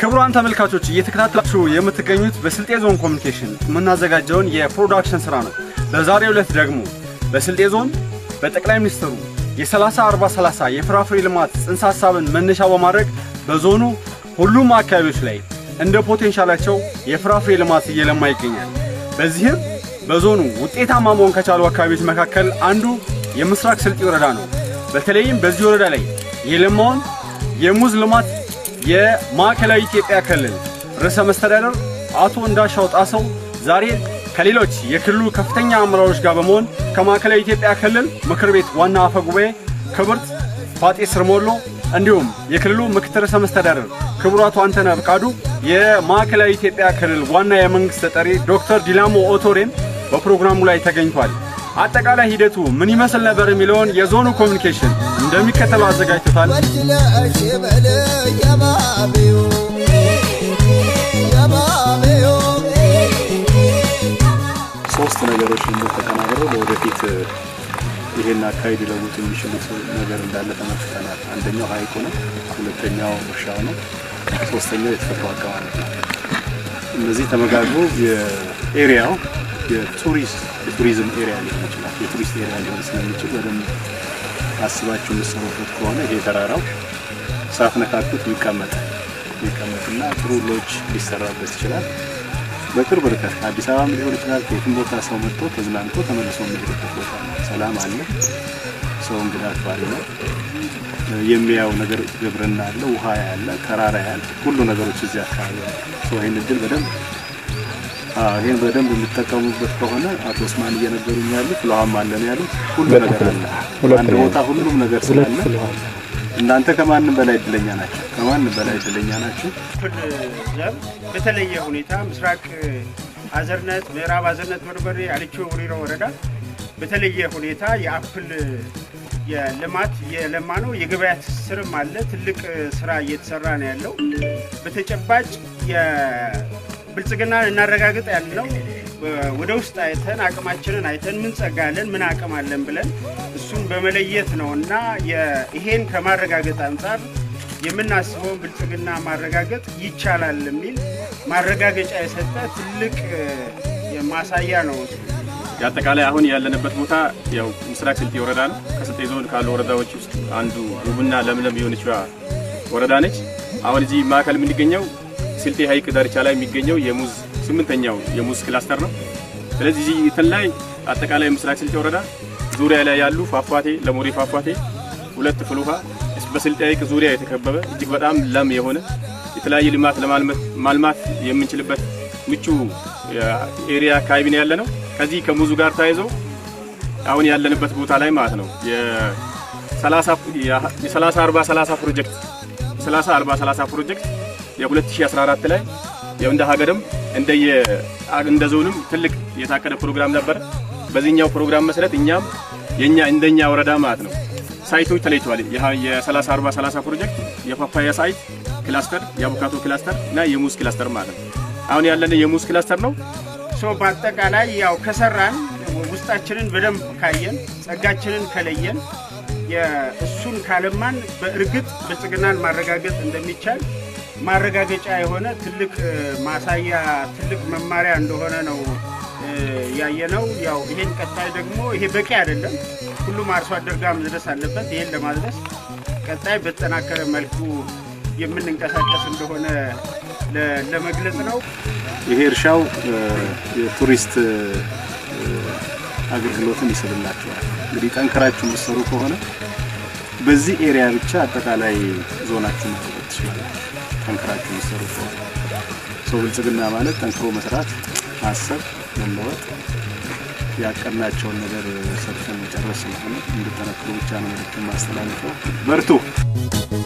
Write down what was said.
ክቡራን ተመልካቾች እየተከታተላችሁ የምትገኙት በስልጤ ዞን ኮሚኒኬሽን የምናዘጋጀውን የፕሮዳክሽን ስራ ነው። በዛሬው ዕለት ደግሞ በስልጤ ዞን በጠቅላይ ሚኒስትሩ የ30 40 30 የፍራፍሬ ልማት ጽንሰ ሀሳብን መነሻ በማድረግ በዞኑ ሁሉም አካባቢዎች ላይ እንደ ፖቴንሻላቸው የፍራፍሬ ልማት እየለማ ይገኛል። በዚህም በዞኑ ውጤታማ መሆን ከቻሉ አካባቢዎች መካከል አንዱ የምስራቅ ስልጤ ወረዳ ነው። በተለይም በዚህ ወረዳ ላይ የለማውን የሙዝ ልማት የማዕከላዊ ኢትዮጵያ ክልል ርዕሰ መስተዳደር አቶ እንዳሻው ጣሰው ዛሬ ከሌሎች የክልሉ ከፍተኛ አመራሮች ጋር በመሆን ከማዕከላዊ ኢትዮጵያ ክልል ምክር ቤት ዋና አፈ ጉባኤ ክብርት ፋጤ ስርሞሎ እንዲሁም የክልሉ ምክትል ርዕሰ መስተዳደር ክቡር አቶ አንተነ ብቃዱ፣ የማዕከላዊ ኢትዮጵያ ክልል ዋና የመንግስት ተጠሪ ዶክተር ዲላሞ ኦቶሬም በፕሮግራሙ ላይ ተገኝቷል። አጠቃላይ ሂደቱ ምን ይመስል ነበር የሚለውን የዞኑ ኮሚኒኬሽን እንደሚከተለው አዘጋጅቶታል። ሶስት ነገሮች ተቀናብረው ለወደፊት ይሄን አካሄድ ሊለውጡ የሚችሉት ነገር እንዳለ ተመልክተናል። አንደኛው ሀይቁ ነው፣ ሁለተኛው እርሻው ነው፣ ሶስተኛው የተፈጥሮ አቀማመጥ ነው። እነዚህ ተመጋግቦ የኤሪያው የቱሪስት የቱሪዝም ኤሪያ ሊሆን ይችላል የቱሪስት ኤሪያ ሊሆን ስለሚችል በደንብ አስባችሁ የምትሰሩበት ከሆነ ይሄ ተራራው ሳትነካኩት ይቀመጣል። ይቀመጥና ጥሩ ሎጅ ሊሰራበት ይችላል። በቅርብ ርቀት አዲስ አበባ ሊሆን ይችላል። ከየትም ቦታ ሰው መጥቶ ተዝናንቶ ተመልሶ የሚሄድበት ቦታ ነው። ሰላም አለ። ሰው እንግዳ አክባሪ ነው። የሚያው ነገር ግብርና አለ፣ ውሃ ያለ፣ ተራራ ያለ፣ ሁሉ ነገሮች እዚህ አካባቢ ሰው ይህን እድል በደንብ ይህን በደንብ የሚጠቀሙበት ከሆነ አቶ እስማን እየነገሩኝ ያሉት ፍለሃም አለ ነው ያሉት። ሁሉ ነገር አለ፣ አንድ ቦታ ሁሉም ነገር ስላለ እናንተ ከማንም በላይ እድለኛ ናቸው፣ ከማንም በላይ እድለኛ ናቸው። በተለየ ሁኔታ ምስራቅ አዘርነት፣ ምዕራብ አዘርነት በርበሬ፣ አልቾ ወሪሮ ወረዳ በተለየ ሁኔታ የአፕል የልማት የለማ ነው። የገበያ ትስስርም አለ። ትልቅ ስራ እየተሰራ ነው ያለው በተጨባጭ ብልጽግና እናረጋግጥ ነው። ወደ ውስጥ አይተን አቅማችንን አይተን ምን ጸጋ አለን ምን አቅም አለን ብለን እሱን በመለየት ነው እና ይሄን ከማረጋገጥ አንጻር የምናስበውን ብልጽግና ማረጋገጥ ይቻላል የሚል ማረጋገጫ የሰጠ ትልቅ ማሳያ ነው። የአጠቃላይ አሁን ያለንበት ቦታ ያው ምስራቅ ስልጤ ወረዳ ነው። ከስልጤ ዞን ካሉ ወረዳዎች ውስጥ አንዱ ውብና ለምለም የሆነች ወረዳ ነች። አሁን እዚህ ማዕከል የምንገኘው ስልጤ ሐይቅ ዳርቻ ላይ የሚገኘው የሙዝ ስምንተኛው የሙዝ ክላስተር ነው። ስለዚህ እዚህ እንትን ላይ አጠቃላይ ምስራቅ ስልጤ ወረዳ ዙሪያ ላይ ያሉ ፏፏቴ ለሞሪ ፏፏቴ፣ ሁለት ፍል ውሃ በስልጤ ሐይቅ ዙሪያ የተከበበ እጅግ በጣም ለም የሆነ የተለያየ ልማት ለማልማት የምንችልበት ምቹ ኤሪያ አካባቢ ነው ያለ ነው። ከዚህ ከሙዙ ጋር ተያይዞ አሁን ያለንበት ቦታ ላይ ማለት ነው የ30 40 30 ፕሮጀክት 30 40 30 ፕሮጀክት የ2014 ላይ እንደ ሀገርም እንደየ እንደ ዞንም ትልቅ የታቀደ ፕሮግራም ነበር። በዚህኛው ፕሮግራም መሰረት እኛም የኛ እንደኛ ወረዳ ማለት ነው ሳይቶች ተለይተዋል። የ30 40 30 ፕሮጀክት የፓፓያ ሳይት ክላስተር፣ የአቮካቶ ክላስተር እና የሙዝ ክላስተር ማለት ነው። አሁን ያለን የሙዝ ክላስተር ነው። ሶ በአጠቃላይ ያው ከሰራን ውስጣችንን በደንብ ካየን ጸጋችንን ከለየን እሱን ካለማን በእርግጥ ብልጽግናን ማረጋገጥ እንደሚቻል ማረጋገጫ የሆነ ትልቅ ማሳያ ትልቅ መማሪያ እንደሆነ ነው ያየነው። ያው ይሄን ቀጣይ ደግሞ ይሄ በቂ አይደለም፣ ሁሉም አርሶ አደር ጋር መድረስ አለበት። ይሄን ለማድረስ ቀጣይ በተጠናከረ መልኩ የምንንቀሳቀስ እንደሆነ ለመግለጽ ነው። ይሄ እርሻው የቱሪስት አገልግሎትን ይስብላቸዋል። እንግዲህ ጠንክራችሁ የምትሰሩ ከሆነ በዚህ ኤሪያ ብቻ አጠቃላይ ዞናችሁ ማለት ትችላላችሁ። ጠንክራችሁ መሰሩ። ሰው ብልጽግና ማለት ጠንክሮ መስራት፣ ማሰብ፣ መለወጥ ያቀናቸውን ነገር ሰርተን መጨረስ ስለሆነ እንድጠነክሩ ብቻ ነው መልዕክት ማስተላልፈው። በርቱ።